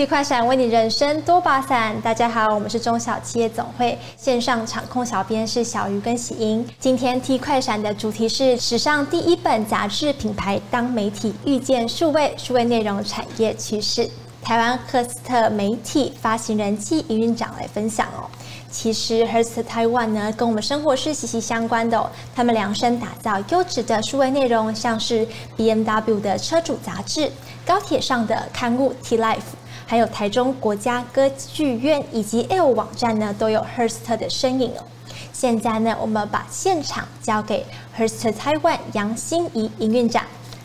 T 快閃為你人生多把傘。大家好，我們是中小企業總會線上場控，小編是小魚跟喜英。今天 T 快閃的主題是：史上第一本雜誌品牌當媒體遇見數位，數位內容產業趨勢。台灣赫斯特媒體發行人暨營運長來分享哦。其實 Hearst Taiwan 呢，跟我們生活是息息相關的哦，他們量身打造優質的數位內容，像是 BMW 的車主雜誌、高鐵上的刊物 T Life。還有台中國家歌劇院以及 L 網站呢，都有 Hearst 的身影哦。現在呢，我們把現場交給 Hearst 臺灣楊欣怡營運長。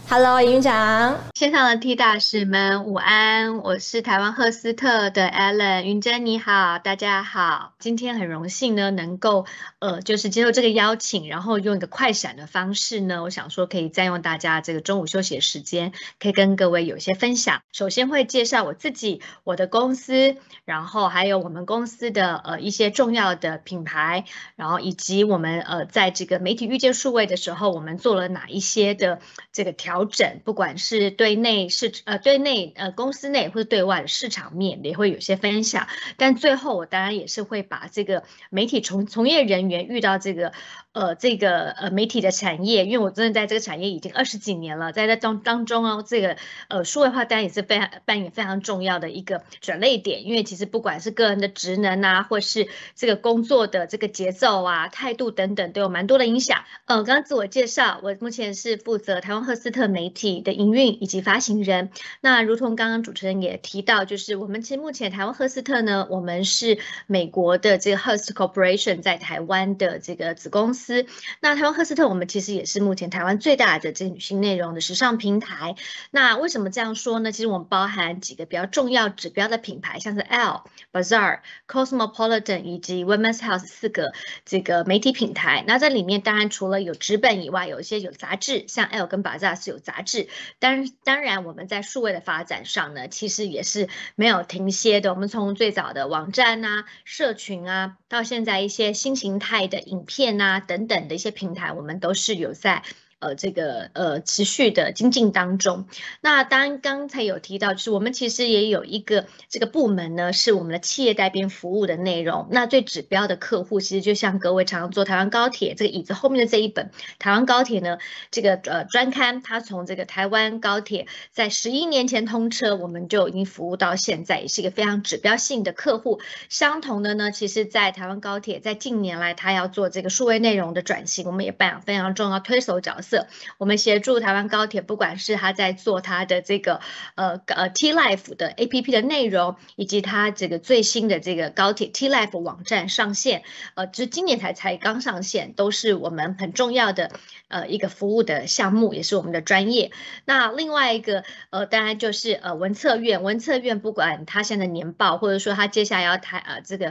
Hello，營運長，線上的 T 大使們午安，我是臺灣赫斯特的 Alan 雲珍，你好，大家好，今天很榮幸呢，能夠。呃，就是接受這個邀請，然後用一個快閃的方式呢，我想說可以占用大家這個中午休息的時間，可以跟各位有一些分享。首先會介紹我自己、我的公司，然後還有我們公司的呃一些重要的品牌，然後以及我們呃在這個媒體遇見數位的時候，我們做了哪一些的這個調整，不管是對內是呃對內呃公司內，或者對外的市場面也會有些分享。但最後我當然也是會把這個媒體從從業人員。遇到這個呃這個呃媒體的產業，因為我真的在這個產業已經二十幾年了，在這當當中哦，這個呃數位化單也是非常扮演非常重要的一個轉捩點，因為其實不管是個人的職能啊，或是這個工作的這個節奏啊、態度等等，都有蠻多的影響。呃，剛剛自我介紹，我目前是負責台灣赫斯特媒體的營運以及發行人。那如同剛剛主持人也提到，就是我們其實目前台灣赫斯特呢，我們是美國的這個 Hearst Corporation 在台灣，的這個子公司，那台灣赫斯特，我們其實也是目前台灣最大的這女性內容的時尚平台。那為什麼這樣說呢？其實我們包含幾個比較重要指標的品牌，像是 ELLE、Bazaar、Cosmopolitan 以及 Women's Health 四個這個媒體品牌。那在裡面當然除了有紙本以外，有一些有雜誌，像 ELLE 跟 Bazaar 是有雜誌。當當然，我們在數位的發展上呢，其實也是沒有停歇的。我們從最早的網站啊、社群啊，到現在一些新形態的影片啊，等等的一些平台，我們都是有在。呃，這個呃，持續的精進當中，那當然剛才有提到，就是我們其實也有一個這個部門呢，是我們的企業代編服務的內容。那最指標的客戶，其實就像各位常常坐台灣高鐵這個椅子後面的這一本台灣高鐵呢，這個呃專刊，它從這個台灣高鐵在十一年前通車，我們就已經服務到現在，也是一個非常指標性的客戶。相同的呢，其實在台灣高鐵在近年來，它要做這個數位內容的轉型，我們也扮演非常重要推手角色。色，我們協助台灣高鐵，不管是他在做他的這個呃呃 TLife 的 APP 的內容，以及他這個最新的這個高鐵 TLife 網站上線，呃，就是今年才才剛上線，都是我們很重要的呃一個服務的項目，也是我們的專業。那另外一個呃，當然就是呃文策院，文策院不管他現在年報，或者說他接下來要台呃這個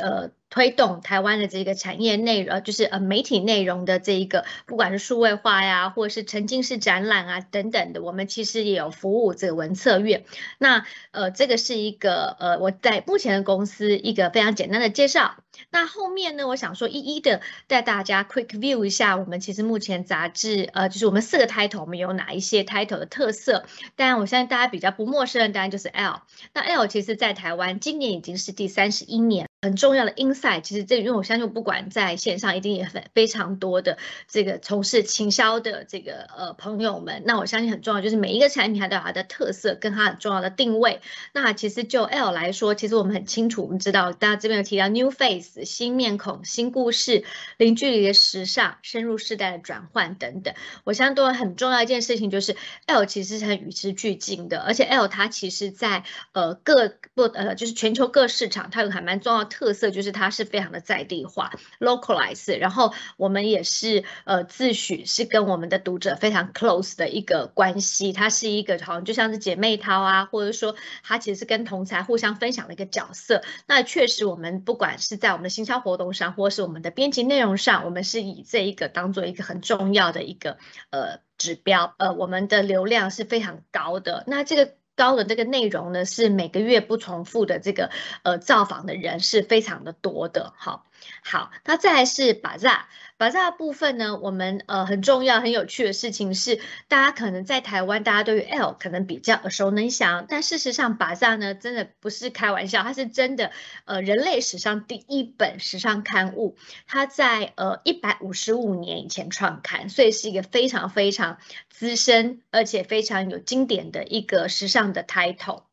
呃。推動台灣的這個產業內容，就是呃媒體內容的這一個，不管是數位化呀，或者是沉浸式展覽啊等等的，我們其實也有服務這個文策院。那呃這個是一個呃我在目前的公司一個非常簡單的介紹。那後面呢，我想說一一的帶大家 quick view 一下我們其實目前雜志呃就是我們四個 title 我們有哪一些 title 的特色。但我相信大家比較不陌生的當然就是 ELLE，那 ELLE 其實在台灣今年已經是第三十一年。很重要的 insight，其實這因為我相信不管在線上一定也非非常多的這個從事行銷的這個呃朋友們，那我相信很重要就是每一個產品它都有它的特色跟它很重要的定位。那其實就 ELLE 來說，其實我們很清楚，我們知道大家這邊有提到 New Face 新面孔、新故事、零距離的時尚、深入世代的轉換等等。我相信都很重要一件事情就是 ELLE 其實是很與時俱進的，而且 ELLE 它其實在呃各不呃就是全球各市場它有還蠻重要的。特色就是它是非常的在地化，localize。Local ize，然後我們也是呃自詡是跟我們的讀者非常 close 的一個關係，它是一個好像就像是姐妹淘啊，或者說它其實是跟同儕互相分享的一個角色。那確實，我們不管是在我們的行銷活動上，或是我們的編輯內容上，我們是以這一個當做一個很重要的一個呃指標。呃，我們的流量是非常高的。那這個。高的這個內容呢，是每個月不重複的，這個呃造訪的人是非常的多的，哈。好，那再來是 Bazaar。BAZAAR 的部分呢，我們呃很重要、很有趣的事情是，大家可能在台灣，大家對於 ELLE 可能比較耳熟能詳，但事實上，BAZAAR 呢真的不是開玩笑，它是真的，呃，人類史上第一本時尚刊物，它在呃一百五十五年以前創刊，所以是一個非常非常資深而且非常有經典的一個時尚的 title。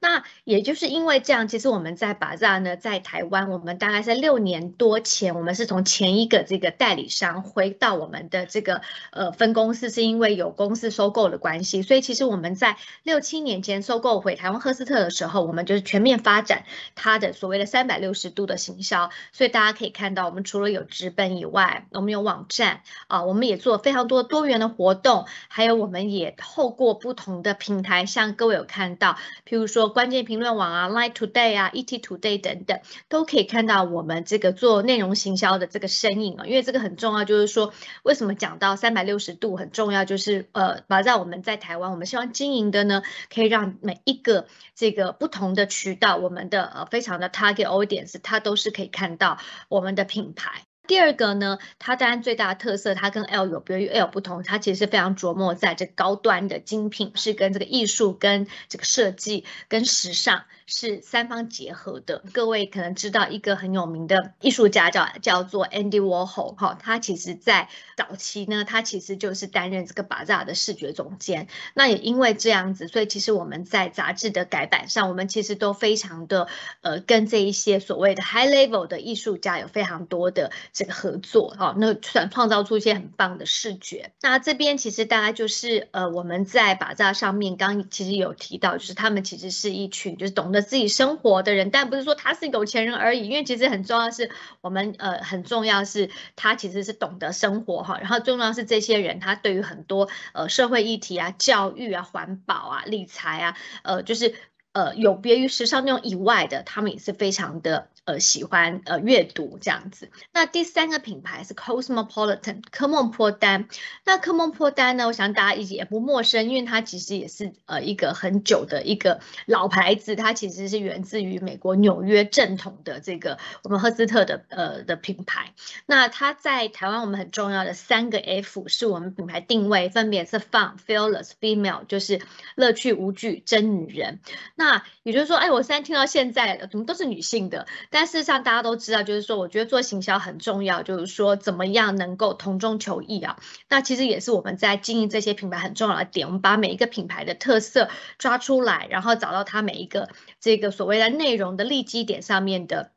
那也就是因為這樣，其實我們在 BAZAAR 呢，在台灣，我們大概在六年多前，我們是從前一個這個代理商回到我們的這個呃分公司，是因為有公司收購的關係。所以其實我們在六七年前收購回台灣赫斯特的時候，我們就是全面發展它的所謂的三百六十度的行銷。所以大家可以看到，我們除了有紙本以外，我們有網站啊，我們也做非常多多元的活動，還有我們也透過不同的平台，像各位有看到。譬如說，關鍵評論網啊、Line Today 啊、ET Today 等等，都可以看到我們這個做內容行銷的這個身影啊。因為這個很重要，就是說，為什麼講到三百六十度很重要？就是呃，把在我們在台灣，我們希望經營的呢，可以讓每一個這個不同的渠道，我們的呃非常的 Target Audience，它都是可以看到我們的品牌。第二個呢，它當然最大的特色，它跟 L 有別於 L 不同，它其實是非常琢磨在這高端的精品，是跟這個藝術、跟這個設計、跟時尚。是三方結合的，各位可能知道一個很有名的藝術家叫叫做 Andy Warhol 哈、哦，他其實，在早期呢，他其實就是擔任這個《巴扎》的視覺總監。那也因為這樣子，所以其實我們在雜誌的改版上，我們其實都非常的呃，跟這一些所謂的 high level 的藝術家有非常多的這個合作哈、哦。那算創造出一些很棒的視覺。那這邊其實大概就是呃，我們在《巴扎》上面剛，剛其實有提到，就是他們其實是一群就是懂得。自己生活的人，但不是說他是有錢人而已，因為其實很重要是，我們呃很重要是，他其實是懂得生活哈，然後重要是這些人，他對於很多呃社會議題啊、教育啊、環保啊、理財啊，呃就是呃有別於時尚那種以外的，他們也是非常的。呃，喜歡呃閱讀這樣子。那第三個品牌是 Cosmopolitan 科夢破單。那科夢破單呢，我想大家也不陌生，因為它其實也是呃一個很久的一個老牌子，它其實是源自於美國紐約正統的這個我們赫斯特的呃的品牌。那它在台灣我們很重要的三個 F 是我們品牌定位，分別是 Fun、f e a l e s s Female，就是樂趣無懼、真女人。那也就是說，哎，我現在聽到現在的怎麼都是女性的。但事實上，大家都知道，就是說，我覺得做行銷很重要，就是說，怎麼樣能夠同中求異啊？那其實也是我們在經營這些品牌很重要的點，我們把每一個品牌的特色抓出來，然後找到它每一個這個所謂的內容的立基點上面的。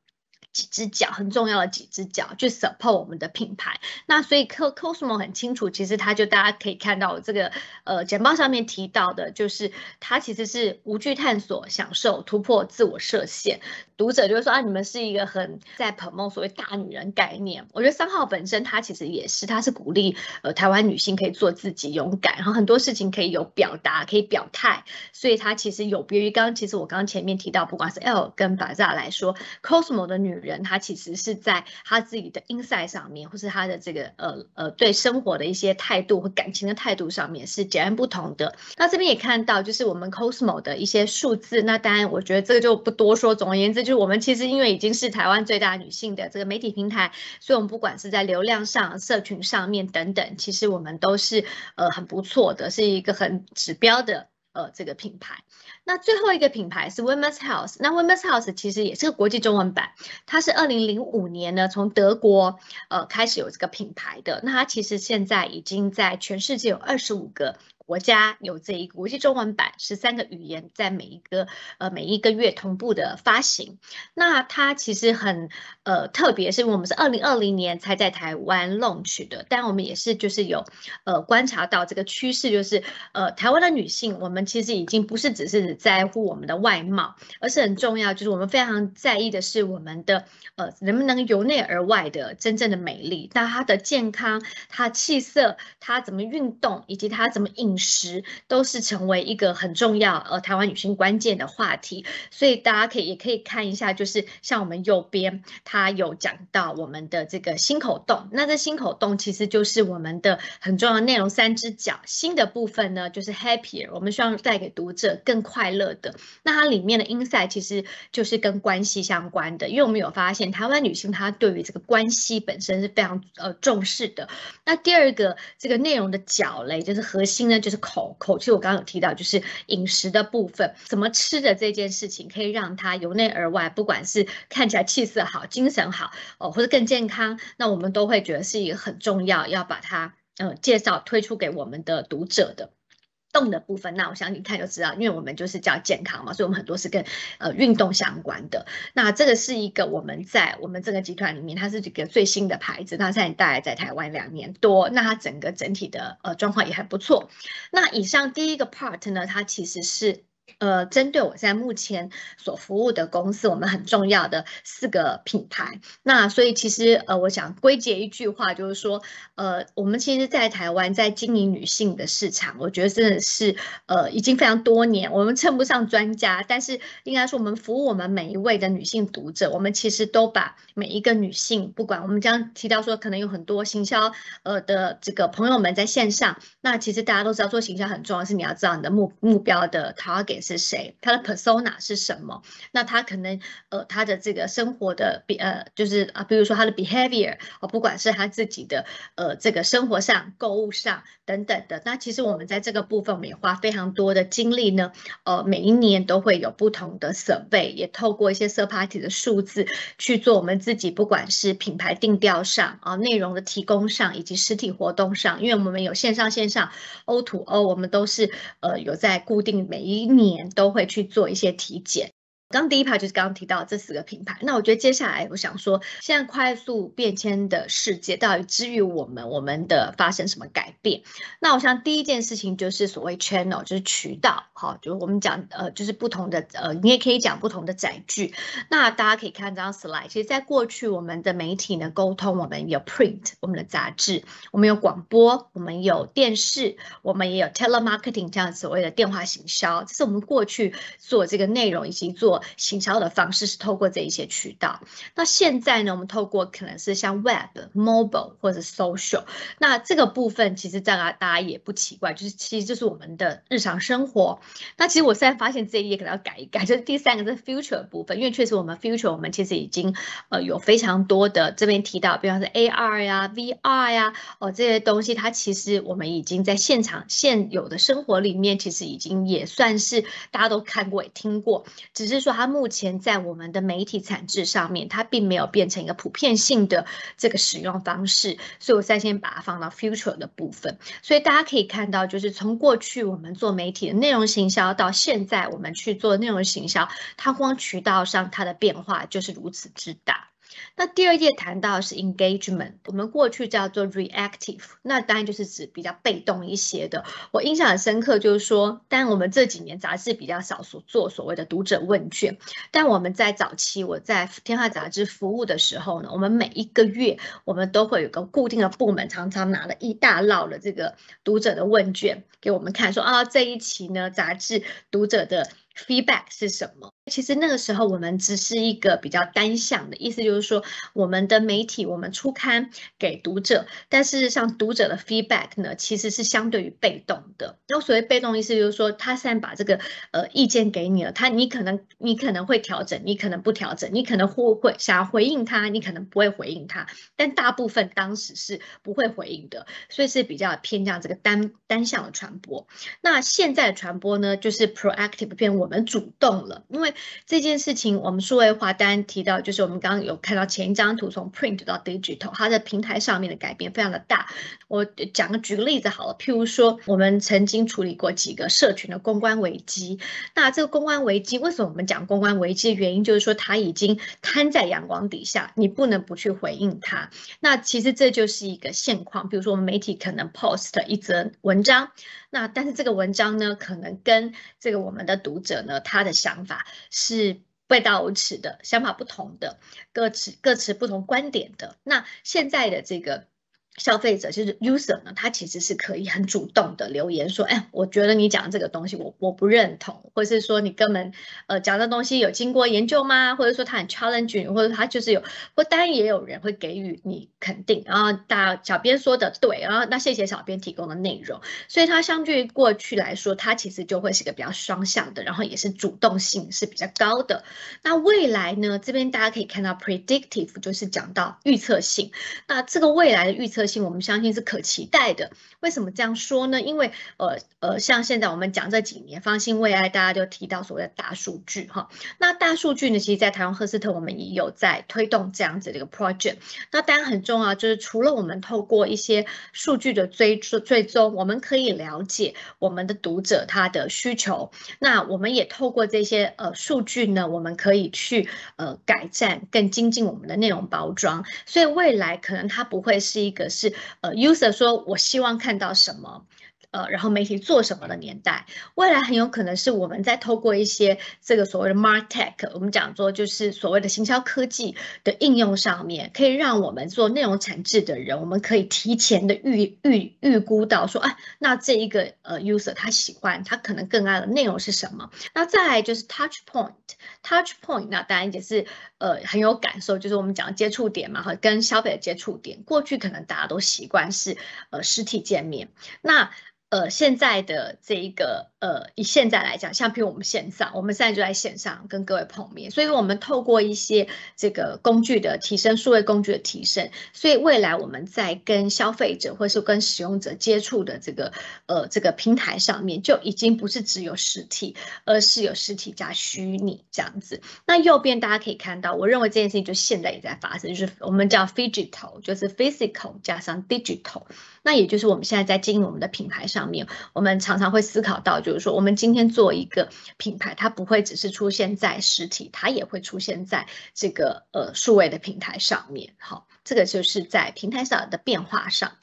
幾隻腳很重要的幾隻腳去 support 我們的品牌，那所以 cosmo 很清楚，其實它就大家可以看到我這個呃簡報上面提到的，就是它其實是無懼探索、享受突破自我設限。讀者就會說啊，你們是一個很在 promote 所謂大女人概念。我覺得三號本身它其實也是，它是鼓勵呃台灣女性可以做自己、勇敢，然後很多事情可以有表達、可以表態，所以它其實有別於剛，剛其實我剛前面提到，不管是 L 跟 Bazaar 來說，cosmo 的女人他其實是在他自己的 insight 上面，或是他的這個呃呃對生活的一些態度和感情的態度上面是截然不同的。那這邊也看到就是我們 Cosmo 的一些數字，那當然我覺得這個就不多說。總而言之，就是我們其實因為已經是台灣最大女性的這個媒體平台，所以我們不管是在流量上、社群上面等等，其實我們都是呃很不錯的，是一個很指標的呃這個品牌。那最後一個品牌是 Women's Health，那 Women's Health 其實也是個國際中文版，它是二零零五年呢從德國呃開始有這個品牌的。那它其實現在已經在全世界有二十五個。國家有這一個國際中文版，十三個語言，在每一個呃每一個月同步的發行。那它其實很呃特別，是因為我們是二零二零年才在台灣 launch 的，但我們也是就是有呃觀察到這個趨勢，就是呃台灣的女性，我們其實已經不是只是在乎我們的外貌，而是很重要，就是我們非常在意的是我們的呃能不能由內而外的真正的美麗，那她的健康，她氣色，她怎麼運動，以及她怎麼飲。十都是成為一個很重要呃台灣女性關鍵的話題，所以大家可以也可以看一下，就是像我們右邊，它有講到我們的這個心口洞。那這心口洞其實就是我們的很重要的內容，三隻腳新的部分呢，就是 happier，我們希望帶給讀者更快樂的。那它裡面的 insight 其實就是跟關係相關的，因為我們有發現台灣女性她對於這個關係本身是非常呃重視的。那第二個這個內容的腳嘞，就是核心呢就。就是口口氣，其實我剛剛有提到，就是飲食的部分，怎麼吃的這件事情，可以讓他由內而外，不管是看起來氣色好、精神好，哦，或者更健康，那我們都會覺得是一個很重要，要把它嗯、呃、介紹推出給我們的讀者的。動的部分，那我想你看就知道，因為我們就是叫健康嘛，所以我們很多是跟呃運動相關的。那這個是一個我們在我們這個集團裡面，它是一個最新的牌子。那現在大概在台灣兩年多，那它整個整體的呃狀況也還不錯。那以上第一個 part 呢，它其實是。呃，針對我在目前所服務的公司，我們很重要的四個品牌。那所以其實呃，我想歸結一句話，就是說，呃，我們其實，在台灣在經營女性的市場，我覺得真的是呃，已經非常多年。我們稱不上專家，但是應該說，我們服務我們每一位的女性讀者，我們其實都把每一個女性，不管我們將提到說，可能有很多行銷呃的這個朋友們在線上，那其實大家都知道，做行銷很重要，是你要知道你的目目標的 target。是誰？他的 persona 是什麼？那他可能呃，他的這個生活的比，呃，就是啊，比如說他的 behavior 啊、哦，不管是他自己的呃，這個生活上、購物上等等的。那其實我們在這個部分，我們也花非常多的精力呢。呃，每一年都會有不同的 survey，也透過一些 surprise 的數字去做我們自己，不管是品牌定調上啊、哦、內容的提供上，以及實體活動上，因為我們有線上、線上 O to O，我們都是呃有在固定每一年。年都會去做一些體檢。剛第一排就是剛剛提到這四個品牌，那我覺得接下來我想說，現在快速變遷的世界到底之於我們我們的發生什麼改變？那我想第一件事情就是所謂 channel，就是渠道，好，就是我們講呃，就是不同的呃，你也可以講不同的載具。那大家可以看這張 slide，其實，在過去我們的媒體呢，溝通我們有 print，我們的雜誌，我們有廣播，我們有電視，我們也有 telemarketing 這樣所謂的電話行銷，這是我們過去做這個內容以及做。行銷的方式是透過這一些渠道。那現在呢，我們透過可能是像 Web、Mobile 或者 Social。那這個部分其實大家大家也不奇怪，就是其實就是我們的日常生活。那其實我現在發現這一頁可能要改一改。就是第三個，是 Future 部分，因為確實我們 Future 我們其實已經呃有非常多的這邊提到，比方說 AR 呀、VR 呀哦這些東西，它其實我們已經在現場現有的生活裡面，其實已經也算是大家都看過也聽過，只是說。它目前在我們的媒體產製上面，它並沒有變成一個普遍性的這個使用方式，所以我再先把它放到 future 的部分。所以大家可以看到，就是從過去我們做媒體的內容行銷，到現在我們去做內容行銷，它光渠道上它的變化就是如此之大。那第二頁談到的是 engagement，我們過去叫做 reactive，那當然就是指比較被動一些的。我印象很深刻，就是說，但我們這幾年雜誌比較少，所做所謂的讀者問卷。但我們在早期，我在天下雜誌服務的時候呢，我們每一個月，我們都會有個固定的部門，常常拿了一大摞的這個讀者的問卷給我們看說，說啊，這一期呢雜誌讀者的 feedback 是什麼？其實那個時候，我們只是一個比較單向的意思，就是說我們的媒體，我們出刊給讀者，但是像讀者的 feedback 呢，其實是相對於被動的。那所謂被動，意思就是說，他現在把這個呃意見給你了，他你可能你可能會調整，你可能不調整，你可能會會想要回應他，你可能不會回應他，但大部分當時是不會回應的，所以是比較偏向這個單單向的傳播。那現在傳播呢，就是 proactive 變我們主動了，因為。這件事情，我們數位化當然提到，就是我們剛剛有看到前一張圖，從 print 到 digital，它在平台上面的改變非常的大。我講舉個例子好了，譬如說，我們曾經處理過幾個社群的公關危機。那這個公關危機，為什麼我們講公關危機的原因，就是說它已經攤在陽光底下，你不能不去回應它。那其實這就是一個現況，比如說我們媒體可能 post 一則文章。那但是這個文章呢，可能跟這個我們的讀者呢，他的想法是背道而馳的，想法不同的，各持各持不同觀點的。那現在的這個，消費者就是 user 呢，他其實是可以很主動的留言說，哎，我覺得你講這個東西我，我我不認同，或者是說你根本呃講的東西有經過研究嗎？或者說他很 challenging，或者他就是有，不單也有人會給予你肯定，然後大小編說的對，然後那謝謝小編提供的內容，所以它相對於過去來說，它其實就會是個比較雙向的，然後也是主動性是比較高的。那未來呢，這邊大家可以看到 predictive 就是講到預測性，那這個未來的預測性。我們相信是可期待的。為什麼這樣說呢？因為呃呃，像現在我們講這幾年方興未艾，大家就提到所謂的大數據哈。那大數據呢，其實，在台灣赫斯特我們也有在推動這樣子的一個 project。那當然很重要，就是除了我們透過一些數據的追追追蹤，我們可以了解我們的讀者他的需求。那我們也透過這些呃數據呢，我們可以去呃改善、更精進我們的內容包裝。所以未來可能它不會是一個是呃 user 說我希望看。看到什麼？呃，然後媒體做什麼的年代，未來很有可能是我們在透過一些這個所謂的 MarTech，我們講說就是所謂的行銷科技的應用上面，可以讓我們做內容產製的人，我們可以提前的預預預估到說，啊，那這一個呃 user 他喜歡，他可能更愛的內容是什麼？那再來就是 point, Touch Point，Touch Point，那當然也是呃很有感受，就是我們講的接觸點嘛，和跟消費的接觸點，過去可能大家都習慣是呃實體見面，那。呃，現在的這一個呃，以現在來講，像譬如我們線上，我們現在就在線上跟各位碰面，所以我們透過一些這個工具的提升，數位工具的提升，所以未來我們在跟消費者或是跟使用者接觸的這個呃這個平台上面，就已經不是只有實體，而是有實體加虛擬這樣子。那右邊大家可以看到，我認為這件事情就現在也在發生，就是我們叫 phygital，就是 physical 加上 digital。那也就是我們現在在經營我們的品牌上面，我們常常會思考到，就是說，我們今天做一個品牌，它不會只是出現在實體，它也會出現在這個呃數位的平台上面。好，這個就是在平台上的變化上。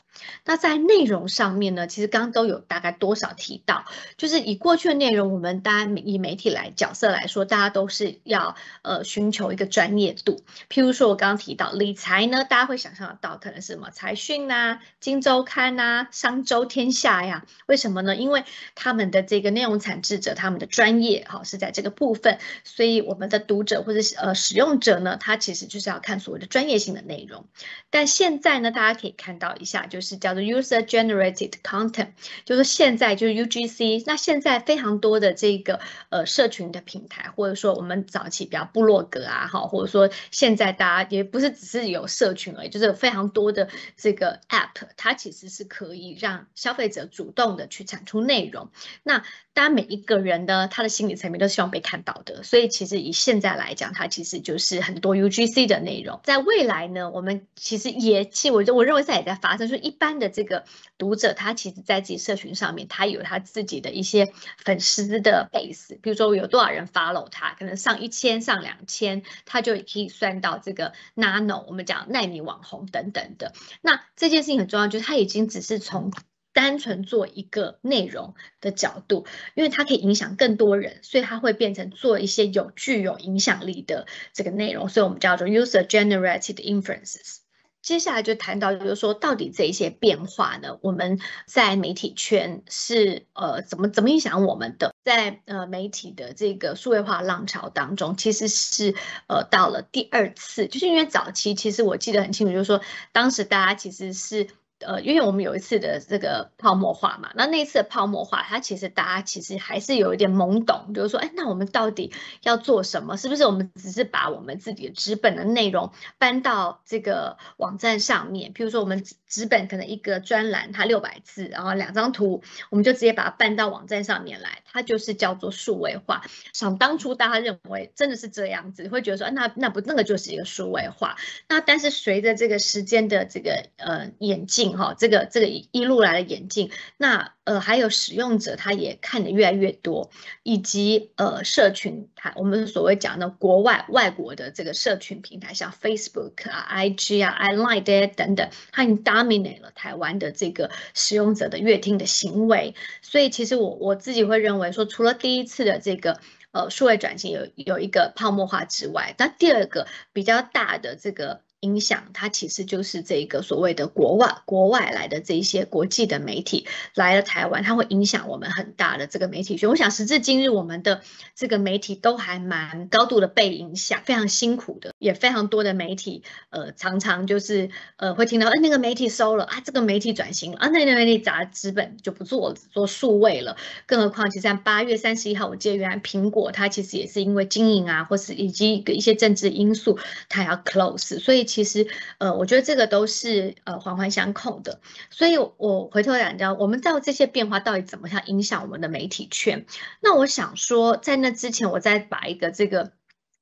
那在內容上面呢，其實剛剛都有大概多少提到，就是以過去的內容，我們大家以媒體來角色，來說，大家都是要呃尋求一個專業度。譬如說，我剛剛提到理財呢，大家會想象得到，可能是什麼財訊吶、啊、金周刊吶、啊、商周天下呀。為什麼呢？因為他們的這個內容產制者，他們的專業好是在這個部分，所以我們的讀者或者是呃使用者呢，他其實就是要看所謂的專業性的內容。但現在呢，大家可以看到一下，就是。是叫做 user generated content，就是現在就是 UGC。那現在非常多的這個呃社群的平台，或者說我們早期比較部落格啊，好，或者說現在大家也不是只是有社群而已，就是非常多的這個 app，它其實是可以讓消費者主動的去產出內容。那當每一個人呢，他的心理層面都希望被看到的，所以其實以現在來講，它其實就是很多 UGC 的內容。在未來呢，我們其實也，其實我我認為現在也在發生，就是一。一般的這個讀者，他其實在自己社群上面，他有他自己的一些粉絲的 base，比如說有多少人 follow 他，可能上一千、上兩千，他就可以算到這個 nano，我們講奈米網紅等等的。那這件事情很重要，就是他已經只是從單純做一個內容的角度，因為他可以影響更多人，所以他會變成做一些有具有影響力的這個內容，所以我們叫做 user generated inferences。接下來就談到，就是說，到底這些變化呢？我們在媒體圈，是呃怎麼怎麼影響我們的？在呃媒體的這個數位化浪潮當中，其實是呃到了第二次，就是因為早期其實我記得很清楚，就是說當時大家其實是。呃，因為我們有一次的這個泡沫化嘛，那那一次的泡沫化，它其實大家其實還是有一點懵懂，就是說，哎、欸，那我們到底要做什麼？是不是我們只是把我們自己的紙本的內容搬到這個網站上面？比如說我們。紙本可能一個專欄，它六百字，然後兩張圖，我們就直接把它搬到網站上面來，它就是叫做數位化。想當初大家認為真的是這樣子，會覺得說，那那不那個就是一個數位化。那但是隨着這個時間的這個呃演進哈，這個這個一路來的演進，那。呃，還有使用者他也看得越來越多，以及呃，社群它我們所謂講的國外外國的這個社群平台，像 Facebook 啊、IG 啊、I like it 等等，它已經 dominate 了台灣的這個使用者的閱聽的行為。所以其實我我自己會認為說，除了第一次的這個呃數位轉型有有一個泡沫化之外，那第二個比較大的這個。影響它其實就是這個所謂的國外國外來的這一些國際的媒體來了台灣，它會影響我們很大的這個媒體圈，我想時至今日，我們的這個媒體都還蠻高度的被影響，非常辛苦的，也非常多的媒體呃常常就是呃會聽到，哎那個媒體收了啊，這個媒體轉型了啊，那那個、那砸資本就不做了，只做數位了。更何況，其實在八月三十一號，我記得原來蘋果它其實也是因為經營啊，或是以及一些政治因素，它要 close，所以。其實，呃，我覺得這個都是呃環環相扣的，所以我回頭講講，我們知道這些變化到底怎麼樣影響我們的媒體圈？那我想說，在那之前，我再把一個這個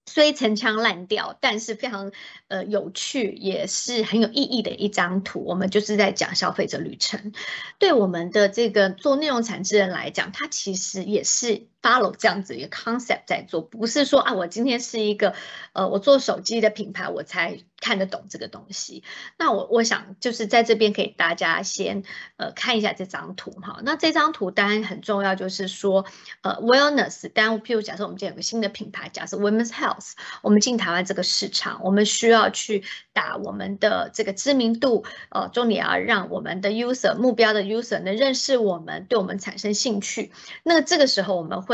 雖陳腔濫調，但是非常呃有趣，也是很有意義的一張圖，我們就是在講消費者旅程。對我們的這個做內容產製人來講，它其實也是。follow 這樣子一個 concept 在做，不是說啊，我今天是一個，呃，我做手機的品牌，我才看得懂這個東西。那我我想就是在這邊給大家先呃看一下這張圖哈。那這張圖當然很重要，就是說呃 wellness。但譬如假設我們這邊有個新的品牌，假設 women's health，我們進台灣這個市場，我們需要去打我們的這個知名度，呃，重點要讓我們的 user 目標的 user 能認識我們，對我們產生興趣。那這個時候我們會。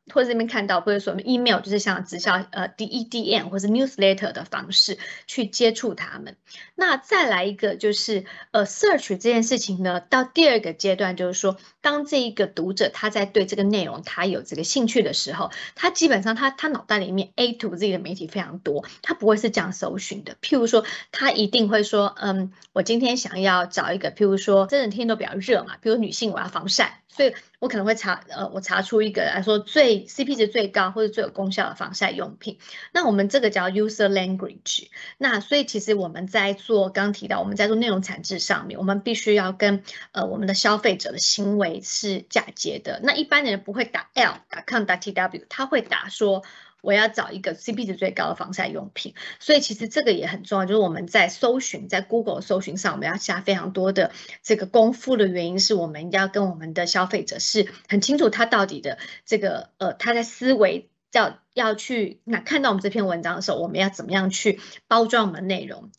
或者這邊看到，或者說 email，就是像直銷呃，DEDM 或是 newsletter 的方式去接觸他們。那再來一個就是呃，search 這件事情呢，到第二個階段就是說，當這一個讀者他在對這個內容他有這個興趣的時候，他基本上他他腦袋裡面 A to Z 的媒體非常多，他不會是這樣搜尋的。譬如說，他一定會說，嗯，我今天想要找一個，譬如說，真的天都比較熱嘛，比如女性我要防曬。所以我可能會查，呃，我查出一個來說最 CP 值最高，或者最有功效的防曬用品。那我們這個叫 user language。那所以其實我們在做，剛剛提到我們在做內容產製上面，我們必須要跟呃我們的消費者的行為是嫁接的。那一般人不會打 L、打 com、打 tw，他會打說。我要找一個 CP 值最高的防曬用品。所以其實這個也很重要，就是我們在搜尋，在 Google 搜尋上，我們要下非常多的這個功夫的原因是我們要跟我們的消費者是很清楚他到底的這個呃他在思維，要要去哪看到我們這篇文章的時候，我們要怎麼樣去包裝我們的內容。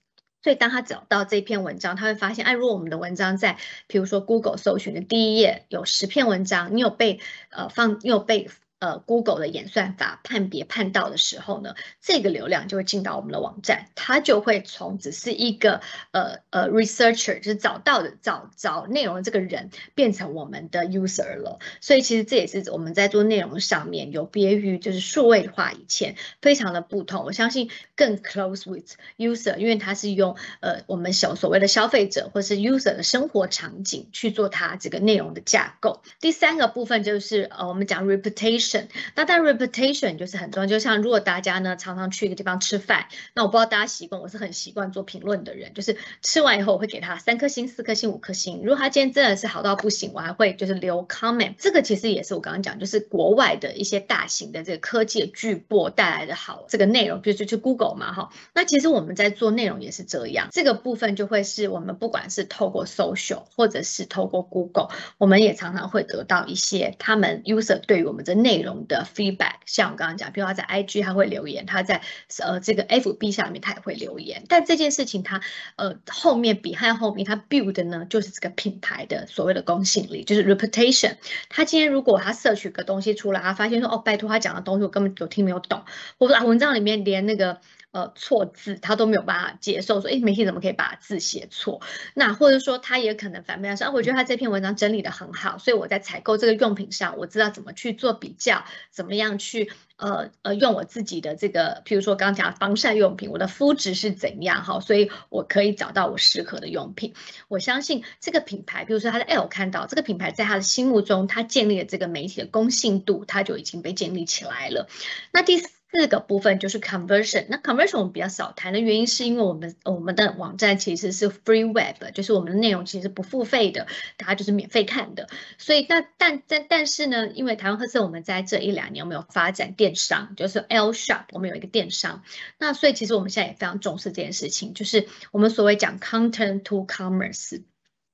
所以當他找到這篇文章，他會發現，哎，如果我們的文章在，比如說 Google 搜尋的第一頁有十篇文章，你有被呃放，你有被。呃，Google 的演算法判別判到的時候呢，這個流量就會進到我們的網站，它就會從只是一個呃呃 researcher，就是找到的找找內容的這個人，變成我們的 user 了。所以其實這也是我們在做內容上面有別於就是數位化以前非常的不同。我相信更 close with user，因為它是用呃我們所所謂的消費者或是 user 的生活場景去做它這個內容的架構。第三個部分就是呃我們講 reputation。那但 reputation 就是很重要，就像如果大家呢常常去一個地方吃飯，那我不知道大家習慣，我是很習慣做評論的人，就是吃完以後我會給他三顆星、四顆星、五顆星。如果他今天真的是好到不行，我還會就是留 comment。這個其實也是我剛剛講，就是國外的一些大型的這個科技的巨擘帶來的好這個內容，比如就是就 Google 嘛，哈。那其實我們在做內容也是這樣，這個部分就會是我們不管是透過 social 或者是透過 Google，我們也常常會得到一些他們 user 對於我們的內容容的 feedback，像我剛剛講，比如說在 IG 他會留言，他在呃這個 FB 下面他也會留言，但這件事情他呃後面背後面他 build 呢，就是這個品牌的所謂的公信力，就是 reputation。他今天如果他 search 個東西出來，他發現說哦，拜托他講的東西我根本有聽沒有懂，我文章裡面連那個。呃，錯字他都沒有辦法接受，說，誒，媒體怎麼可以把字寫錯？那或者說他也可能反面來說，啊，我覺得他這篇文章整理得很好，所以我在採購這個用品上，我知道怎麼去做比較，怎麼樣去呃呃用我自己的這個，譬如說剛剛講的防曬用品，我的膚質是怎樣哈，所以我可以找到我適合的用品。我相信這個品牌，比如說他的 L 看到這個品牌在他的心目中，他建立了這個媒體的公信度，他就已經被建立起來了。那第四。四個部分就是 conversion。那 conversion 我們比較少談的原因，是因為我們我們的網站其實是 free web，就是我們的內容其實不付費的，大家就是免費看的。所以那但但但是呢，因為台灣赫斯特我們在這一兩年我們有發展電商，就是 L shop，我們有一個電商。那所以其實我們現在也非常重視這件事情，就是我們所謂講 content to commerce。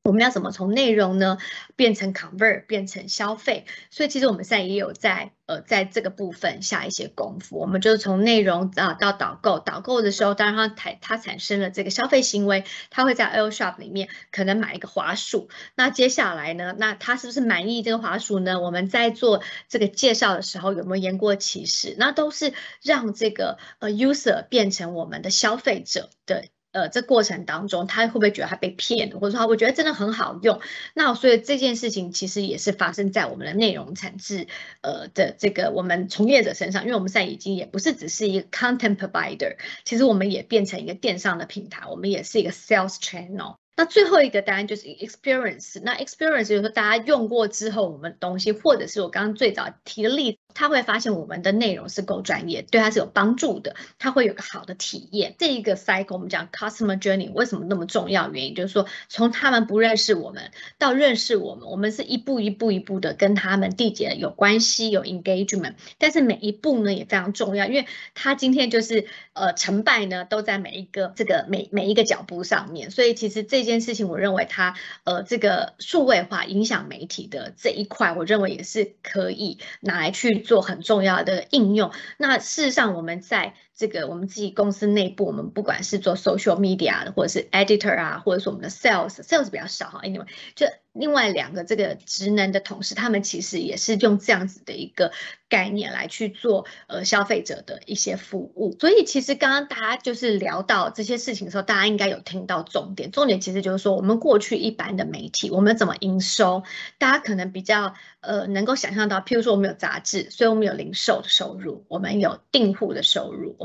我們要怎麼從內容呢變成 convert 變成消費？所以其實我們現在也有在呃在這個部分下一些功夫。我們就是從內容啊到導購，導購的時候，當然他產他產生了這個消費行為，他會在 ELLE Shop 裡面可能買一個滑鼠。那接下來呢，那他是不是滿意這個滑鼠呢？我們在做這個介紹的時候有沒有言過其實？那都是讓這個呃 user 變成我們的消費者的。呃，這過程當中，他會不會覺得他被騙，或者說他會覺得真的很好用？那所以這件事情其實也是發生在我們的內容產制呃的這個我們從業者身上，因為我們現在已經也不是只是一個 content provider，其實我們也變成一個電商的平台，我們也是一個 sales channel。那最後一個答案就是 experience，那 experience 就是說大家用過之後，我們的東西或者是我剛剛最早提的例子。他會發現我們的內容是夠專業，對他是有幫助的，他會有個好的體驗。這一個 cycle 我們講 customer journey 為什麼那麼重要？原因就是說，從他們不認識我們到認識我們，我們是一步一步一步的跟他們締結有關係，有 engagement。但是每一步呢，也非常重要，因為他今天就是呃成敗呢都在每一個這個每每一個腳步上面。所以其實這件事情，我認為它呃這個數位化影響媒體的這一塊，我認為也是可以拿來去。做很重要的應用，那事實上我們在。這個我們自己公司內部，我們不管是做 social media 或者是 editor 啊，或者說我們的 sales，sales 比較少哈。anyway，就另外兩個這個職能的同事，他們其實也是用這樣子的一個概念來去做呃消費者的一些服務。所以其實剛剛大家就是聊到這些事情的時候，大家應該有聽到重點。重點其實就是說，我們過去一般的媒體，我們怎麼營收？大家可能比較呃能夠想象到，譬如說我們有雜誌，所以我們有零售的收入，我們有訂戶的收入。我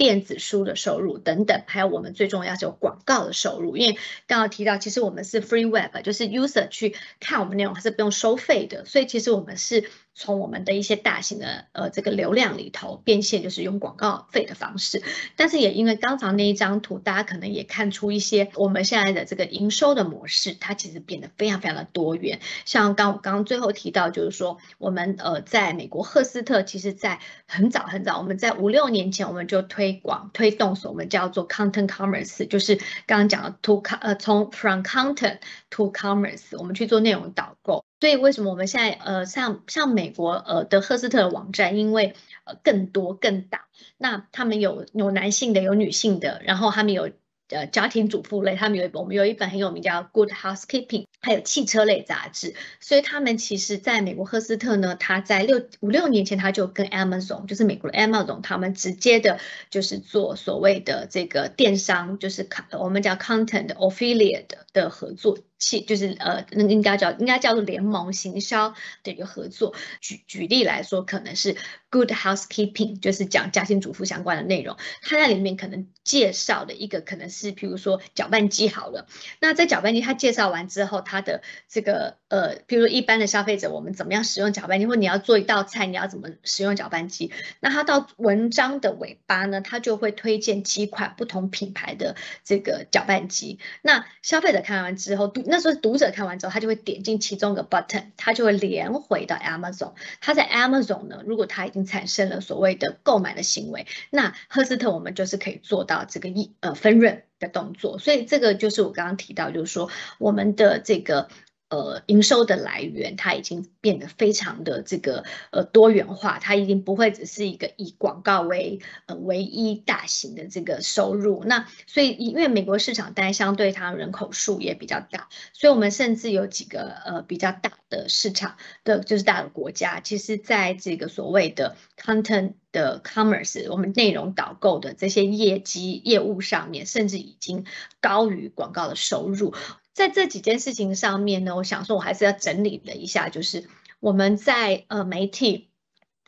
電子書的收入等等，還有我們最重要就廣告的收入，因為剛剛提到，其實我們是 free web，就是 user 去看我們內容是不用收費的，所以其實我們是從我們的一些大型的呃這個流量裡頭變現，就是用廣告費的方式。但是也因為剛才那一張圖，大家可能也看出一些我們現在的這個營收的模式，它其實變得非常非常的多元。像剛剛剛最後提到，就是說我們呃在美國赫斯特，其實在很早很早，我們在五六年前我們就推。推廣推動，所我們叫做 content commerce，就是剛剛講的 to content 呃，從 from content to commerce，我們去做內容導購。所以為什麼我們現在呃，像像美國呃的赫斯特的網站，因為呃更多更大，那他們有有男性的，有女性的，然後他們有呃家庭主婦類，他們有一本，我們有一本很有名叫 Good Housekeeping。還有汽車類雜誌，所以他們其實在美國赫斯特呢，他在六五六年前他就跟 Amazon，就是美國的 Amazon，他們直接的，就是做所謂的這個電商，就是我們叫 Content Affiliate 的合作，契就是呃，那應該叫應該叫做聯盟行銷的一個合作。舉舉例來說，可能是 Good Housekeeping，就是講家庭主婦相關的內容，他在裡面可能介紹的一個可能是，譬如說攪拌機好了，那在攪拌機他介紹完之後。它的這個呃，比如說一般的消費者，我們怎麼樣使用攪拌機？或你要做一道菜，你要怎麼使用攪拌機？那它到文章的尾巴呢，它就會推薦幾款不同品牌的這個攪拌機。那消費者看完之後，讀那時候讀者看完之後，他就會點進其中一個 button，他就會連回到 Amazon。他在 Amazon 呢，如果他已經產生了所謂的購買的行為，那赫斯特我們就是可以做到這個一呃分潤。的動作，所以這個就是我剛剛提到，就是說我們的這個。呃，營收的來源它已經變得非常的這個呃多元化，它已經不會只是一個以廣告為呃唯一大型的這個收入。那所以因為美國市場當然相對它人口數也比較大，所以我們甚至有幾個呃比較大的市場的就是大的國家，其實在這個所謂的 content 的 commerce 我們內容導購的這些業績業務上面，甚至已經高於廣告的收入。在這幾件事情上面呢，我想說，我還是要整理了一下，就是我們在呃媒體，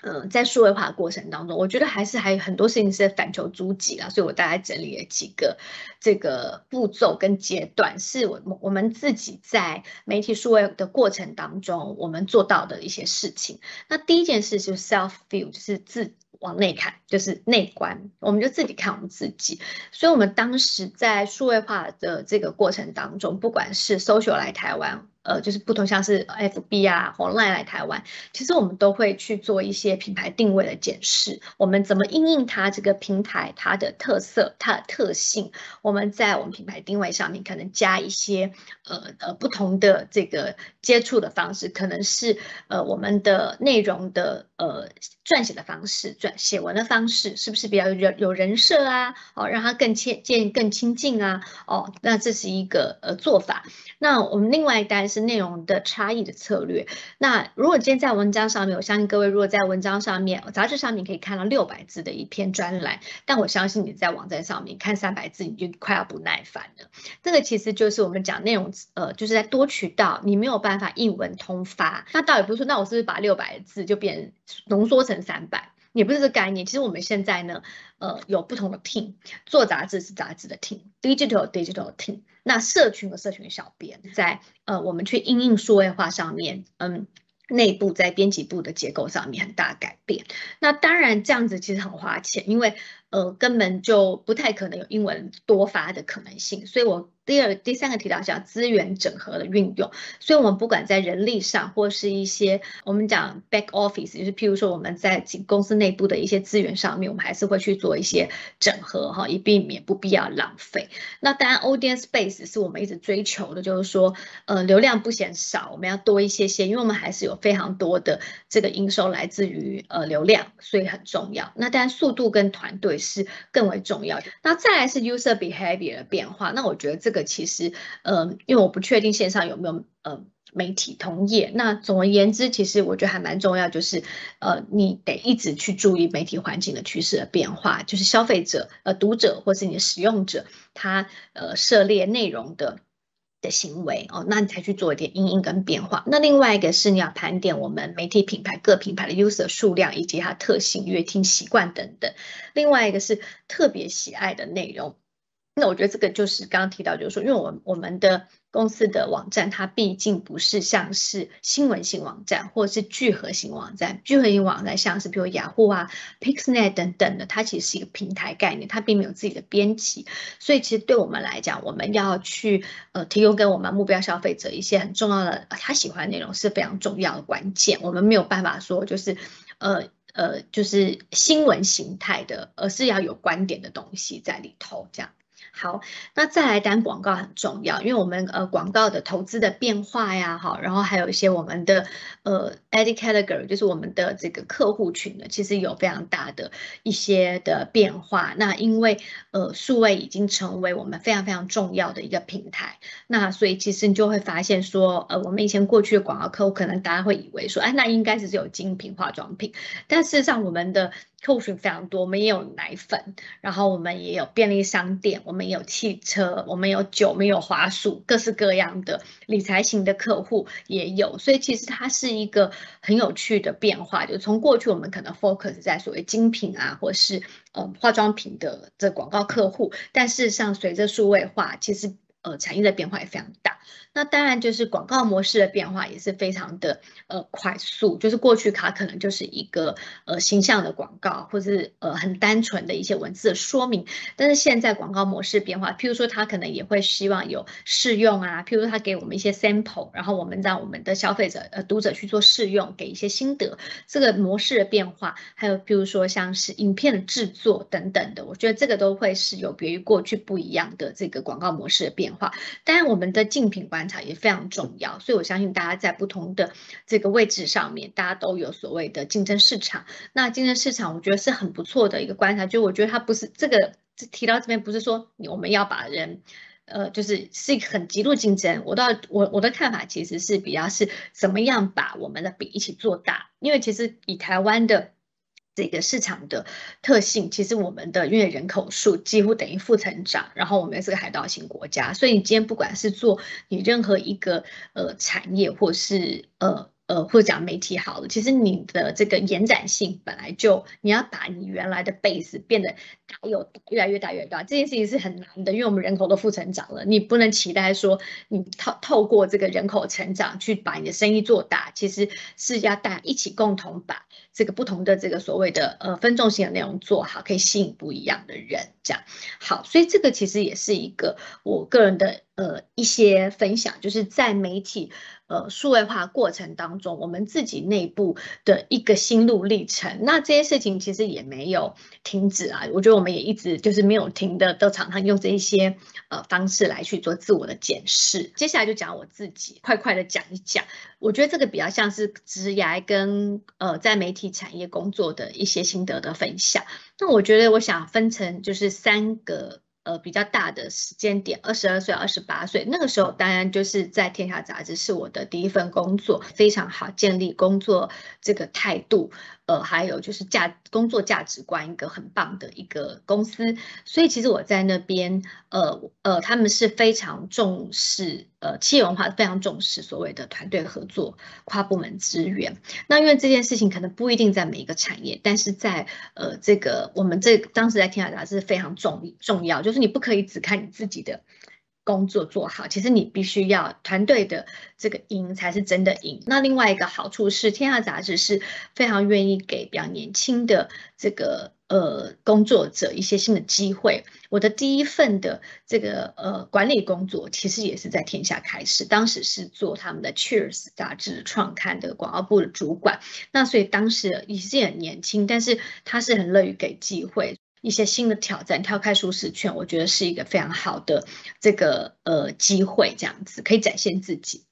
嗯、呃，在數位化的過程當中，我覺得還是還有很多事情是在反求諸己啦，所以我大概整理了幾個這個步驟跟階段，是我我們自己在媒體數位的過程當中，我們做到的一些事情。那第一件事就是 self view，就是自。往內看就是內觀，我們就自己看我們自己。所以，我們當時在數位化的這個過程當中，不管是 social 來台灣。呃，就是不同，像是 FB 啊，紅賴來台灣，其實我們都會去做一些品牌定位的檢視，我們怎麼應用它這個平台，它的特色，它的特性，我們在我們品牌定位上面可能加一些呃呃不同的這個接觸的方式，可能是呃我們的內容的呃撰寫的方式，撰寫文的方式是不是比較有有人設啊？哦，讓它更親切更親近啊？哦，那這是一個呃做法。那我們另外一單。是內容的差異的策略。那如果今天在文章上面，我相信各位如果在文章上面、雜誌上面可以看到六百字的一篇專欄，但我相信你在網站上面看三百字，你就快要不耐煩了。這個其實就是我們講內容，呃，就是在多渠道，你沒有辦法一文通發。那倒也不是說，那我是不是把六百字就變濃縮成三百？也不是這個概念，其實我們現在呢，呃，有不同的 team 做雜誌是雜誌的 team，digital digital team，那社群和社群小編在呃，我們去應用數位化上面，嗯，內部在編輯部的結構上面很大改變。那當然這樣子其實很花錢，因為，呃，根本就不太可能有英文多發的可能性，所以我第二、第三個提到叫資源整合的運用，所以我們不管在人力上，或是一些我們講 back office，就是譬如說我們在公司內部的一些資源上面，我們還是會去做一些整合哈，以避免不必要浪費。那當然 audience base 是我們一直追求的，就是說呃流量不嫌少，我們要多一些些，因為我們還是有非常多的這個營收來自於呃流量，所以很重要。那當然速度跟團隊。是更為重要。那再來是 user behavior 的變化。那我覺得這個其實，呃因為我不確定線上有沒有呃媒體同業。那總而言之，其實我覺得還蠻重要，就是呃，你得一直去注意媒體環境的趨勢的變化，就是消費者呃讀者或是你的使用者，他呃涉獵內容的。的行為哦，那你才去做一點因應跟變化。那另外一個是你要盤點我們媒體品牌各品牌的 user 數量以及它特性、閱聽習慣等等。另外一個是特別喜愛的內容。那我覺得這個就是剛剛提到，就是說，因為我我們的公司的網站，它畢竟不是像是新聞型網站，或是聚合型網站。聚合型網站像是比如 Yahoo 啊、PixNet 等等的，它其實是一個平台概念，它並沒有自己的編輯。所以其實對我們來講，我們要去呃提供給我們目標消費者一些很重要的他喜歡的內容是非常重要的關鍵。我們沒有辦法說就是呃呃就是新聞形態的，而是要有觀點的東西在裡頭這樣。好，那再來談廣告很重要，因為我們呃廣告的投資的變化呀，好，然後還有一些我們的呃 ad category，就是我們的這個客戶群呢，其實有非常大的一些的變化。那因為呃數位已經成為我們非常非常重要的一個平台，那所以其實你就會發現說，呃，我們以前過去的廣告客戶，可能大家會以為說，哎，那應該是只是有精品化妝品，但事實上我們的。客戶群非常多，我們也有奶粉，然後我們也有便利商店，我們也有汽車，我們有酒，我們有滑鼠，各式各樣的理財型的客戶也有，所以其實它是一個很有趣的變化，就從過去我們可能 focus 在所謂精品啊，或是呃、嗯、化妝品的這廣告客戶，但是像隨着數位化，其實。呃，產業的變化也非常大。那當然就是廣告模式的變化也是非常的呃快速。就是過去它可能就是一個呃形象的廣告，或是呃很單純的一些文字的說明。但是現在廣告模式變化，譬如說它可能也會希望有試用啊，譬如說它給我們一些 sample，然後我們讓我們的消費者呃讀者去做試用，給一些心得。這個模式的變化，還有譬如說像是影片的製作等等的，我覺得這個都會是有別於過去不一樣的這個廣告模式的變化。話，當然我們的競品觀察也非常重要，所以我相信大家在不同的這個位置上面，大家都有所謂的競爭市場。那競爭市場，我覺得是很不錯的一個觀察，就我覺得它不是這個這提到這邊不是說我們要把人，呃，就是是一個很極度競爭。我倒，我我的看法其實是比較是怎麼樣把我們的餅一起做大，因為其實以台灣的。這個市場的特性，其實我們的因為人口數幾乎等於負成長，然後我們是個海島型國家，所以你今天不管是做你任何一個呃產業，或是呃。呃，或者講媒體好了，其實你的這個延展性，本來就你要把你原來的 base 變得大又越來越大越大，這件事情是很難的，因為我們人口都負成長了，你不能期待說你透透過這個人口成長去把你的生意做大，其實是要大家一起共同把這個不同的這個所謂的呃分眾性的內容做好，可以吸引不一樣的人，這樣好，所以這個其實也是一個我個人的呃一些分享，就是在媒體，呃，數位化過程當中，我們自己內部的一個心路歷程，那這些事情其實也沒有停止啊。我覺得我們也一直就是沒有停的，都常常用這些呃方式來去做自我的檢視。接下來就講我自己，快快的講一講。我覺得這個比較像是職涯跟呃在媒體產業工作的一些心得的分享。那我覺得我想分成就是三個。呃，比較大的時間點，二十二歲、二十八歲那個時候，當然就是在天下雜誌是我的第一份工作，非常好建立工作這個態度。呃，還有就是價，工作價值觀一個很棒的一個公司，所以其實我在那邊，呃呃，他們是非常重視呃企業文化，非常重視所謂的團隊合作、跨部門資源。那因為這件事情可能不一定在每一個產業，但是在呃這個我們這當時在《天下雜誌》非常重重要，就是你不可以只看你自己的。工作做好，其實你必須要團隊的這個贏才是真的贏。那另外一個好處是，天下雜誌是非常願意給比較年輕的這個呃工作者一些新的機會。我的第一份的這個呃管理工作，其實也是在天下開始，當時是做他們的 Cheers 雜誌創刊的廣告部的主管。那所以當時也是很年輕，但是他是很樂於給機會。一些新的挑戰，跳開舒適圈，我覺得是一個非常好的這個呃機會，這樣子可以展現自己。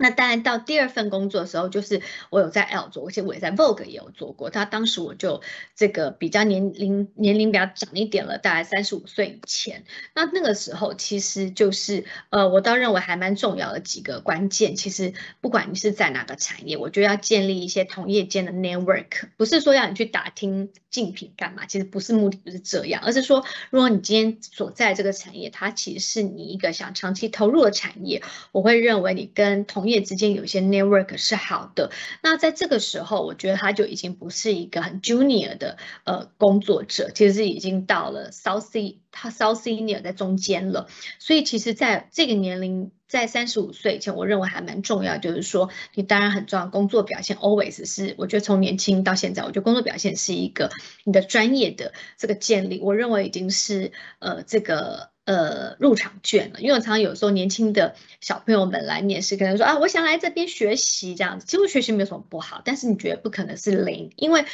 那當然，到第二份工作的時候，就是我有在 L 做，而且我也在 Vogue 也有做過。他當時我就這個比較年齡年齡比較長一點了，大概三十五歲以前。那那個時候，其實就是呃，我倒認為還蠻重要的幾個關鍵。其實不管你是在哪個產業，我就要建立一些同業間的 network，不是說要你去打聽競品幹嘛，其實不是目的不是這樣，而是說，如果你今天所在這個產業，它其實是你一個想長期投入的產業，我會認為你跟同業之間有些 network 是好的，那在這個時候，我覺得他就已經不是一個很 junior 的呃工作者，其實是已經到了 southy，他 south senior 在中間了。所以其實，在這個年齡，在三十五歲以前，我認為還蠻重要，就是說，你當然很重要，工作表現 always 是，我覺得從年輕到現在，我覺得工作表現是一個你的專業的這個建立，我認為已經是呃這個。呃，入場券了，因為我常常有時候年輕的小朋友們來面試，可能說啊，我想來這邊學習這樣子，其實學習沒有什麼不好，但是你覺得不可能是零，因為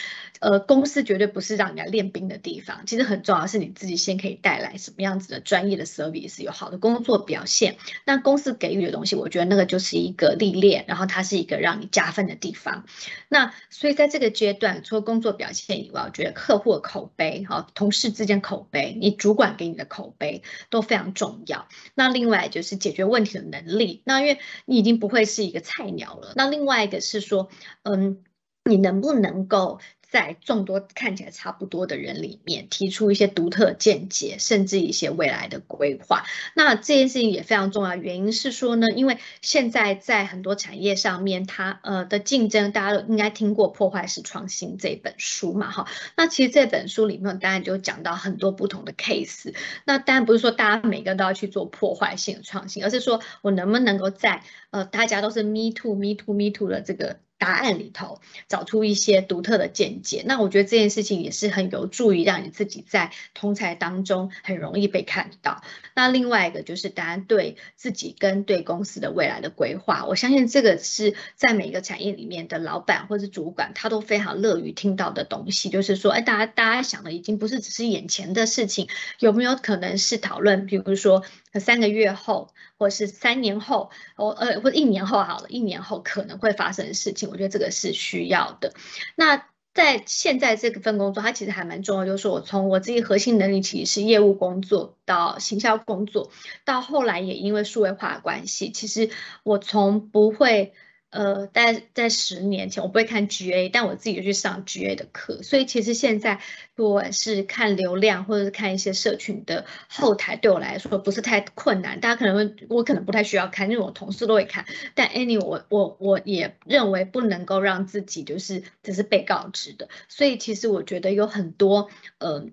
呃，公司絕對不是讓你來練兵的地方。其實很重要的是你自己先可以帶來什麼樣子的專業的 service，有好的工作表現，那公司給予的東西，我覺得那個就是一個歷練，然後它是一個讓你加分的地方。那所以在這個階段，除了工作表現以外，我覺得客戶口碑，好，同事之間口碑，你主管給你的口碑。都非常重要。那另外就是解決問題的能力。那因為你已經不會是一個菜鳥了。那另外一個是說，嗯，你能不能夠在眾多看起來差不多的人裡面，提出一些獨特的見解，甚至一些未來的規劃。那這件事情也非常重要，原因是說呢，因為現在在很多產業上面，它的呃的競爭，大家都應該聽過《破壞式創新》這本書嘛，哈。那其實這本書裡面，當然就講到很多不同的 case。那當然不是說大家每個都要去做破壞性的創新，而是說我能不能夠在呃，大家都是 Me Too、Me Too、Me Too 的這個。答案裡頭找出一些獨特的見解，那我覺得這件事情也是很有助於讓你自己在通才當中很容易被看到。那另外一個就是大家對自己跟對公司的未來的規劃，我相信這個是在每個產業裡面的老闆或者主管他都非常樂於聽到的東西，就是說，哎，大家大家想的已經不是只是眼前的事情，有沒有可能是討論，比如說。三個月後，或是三年後，哦呃，或者一年後好了，一年後可能會發生的事情，我覺得這個是需要的。那在現在這份工作，它其實還蠻重要，就是我從我自己核心能力，其實是業務工作到行銷工作，到後來也因為數位化的關係，其實我從不會。呃，但在十年前，我不會看 GA，但我自己就去上 GA 的課，所以其實現在不管是看流量，或者是看一些社群的後臺，對我來說不是太困難。大家可能會，我可能不太需要看，因為我同事都會看。但 anyway 我我我也認為不能夠讓自己就是只是被告知的，所以其實我覺得有很多嗯，呃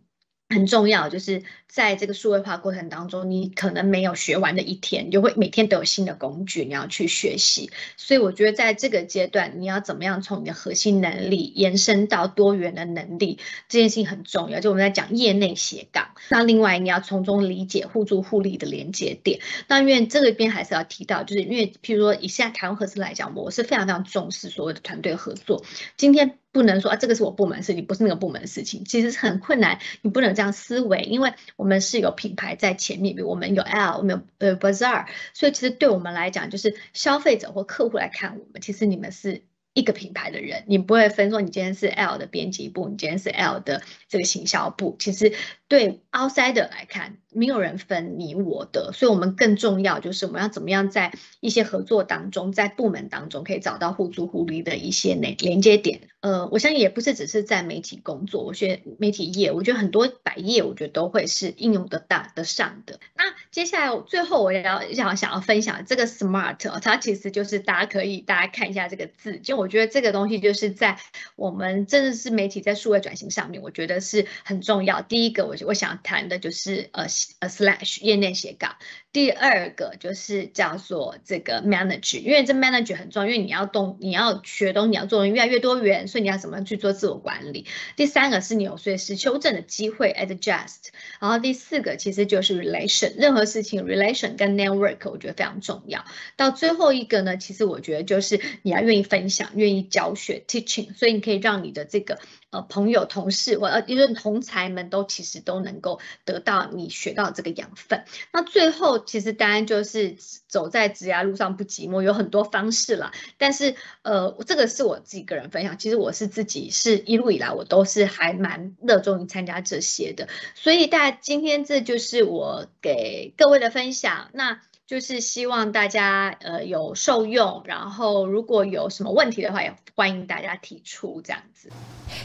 很重要，就是在這個數位化過程當中，你可能沒有學完的一天，你就會每天都有新的工具，你要去學習。所以我覺得，在這個階段，你要怎麼樣從你的核心能力延伸到多元的能力，這件事情很重要。就我們在講業內斜槓，那另外你要從中理解互助互利的連接點。但願這邊還是要提到，就是因為，譬如說以現在台灣赫斯特來講，我是非常非常重視所謂的團隊合作。今天。不能說啊，這個是我部門事情，是你不是那個部門的事情，其實是很困難。你不能這樣思維，因為我們是有品牌在前面，比如我們有 ELLE，我們有呃 Bazaar，所以其實對我們來講，就是消費者或客戶來看我們，其實你們是一個品牌的人，你不會分說你今天是 ELLE 的編輯部，你今天是 ELLE 的這個行銷部，其實。對 outsider 來看，沒有人分你我的，所以我們更重要就是我們要怎麼樣在一些合作當中，在部門當中可以找到互助互利的一些連連接點。呃，我相信也不是只是在媒體工作，我學媒體業，我覺得很多百業，我覺得都會是應用的搭得上的。那接下來最後我要想想要分享這個 smart，它其實就是大家可以大家看一下這個字，就我覺得這個東西就是在我們真的是媒體在數位轉型上面，我覺得是很重要。第一個我。我想談的就是呃呃 slash 業內寫稿。第二個就是叫做這個 manager，因為這 manager 很重要，因為你要懂，你要學懂，你要做人越來越多元，所以你要怎麼樣去做自我管理。第三個是你有隨時修正的機會 adjust。然後第四個其實就是 relation，任何事情 relation 跟 network 我覺得非常重要。到最後一個呢，其實我覺得就是你要願意分享，願意教學 teaching，所以你可以讓你的這個。呃，朋友、同事，我呃，就是同儕們都其實都能夠得到你學到這個養分。那最後，其實當然就是走在職涯路上不寂寞，有很多方式了。但是，呃，這個是我自己個人分享。其實我是自己是一路以來，我都是還蠻熱衷於參加這些的。所以，大家今天這就是我給各位的分享。那。就是希望大家呃有受用，然後如果有什麼問題的話，也歡迎大家提出這樣子。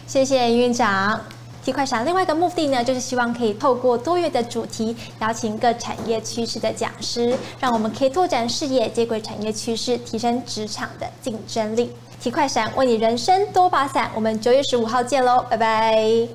謝謝院長。T 快閃另外一個目的呢，就是希望可以透過多元的主題，邀請各產業趨勢的講師，讓我們可以拓展視野，接軌產業趨勢，提升職場的競爭力。T 快閃為你人生多把傘。我們九月十五號見嘍，拜拜。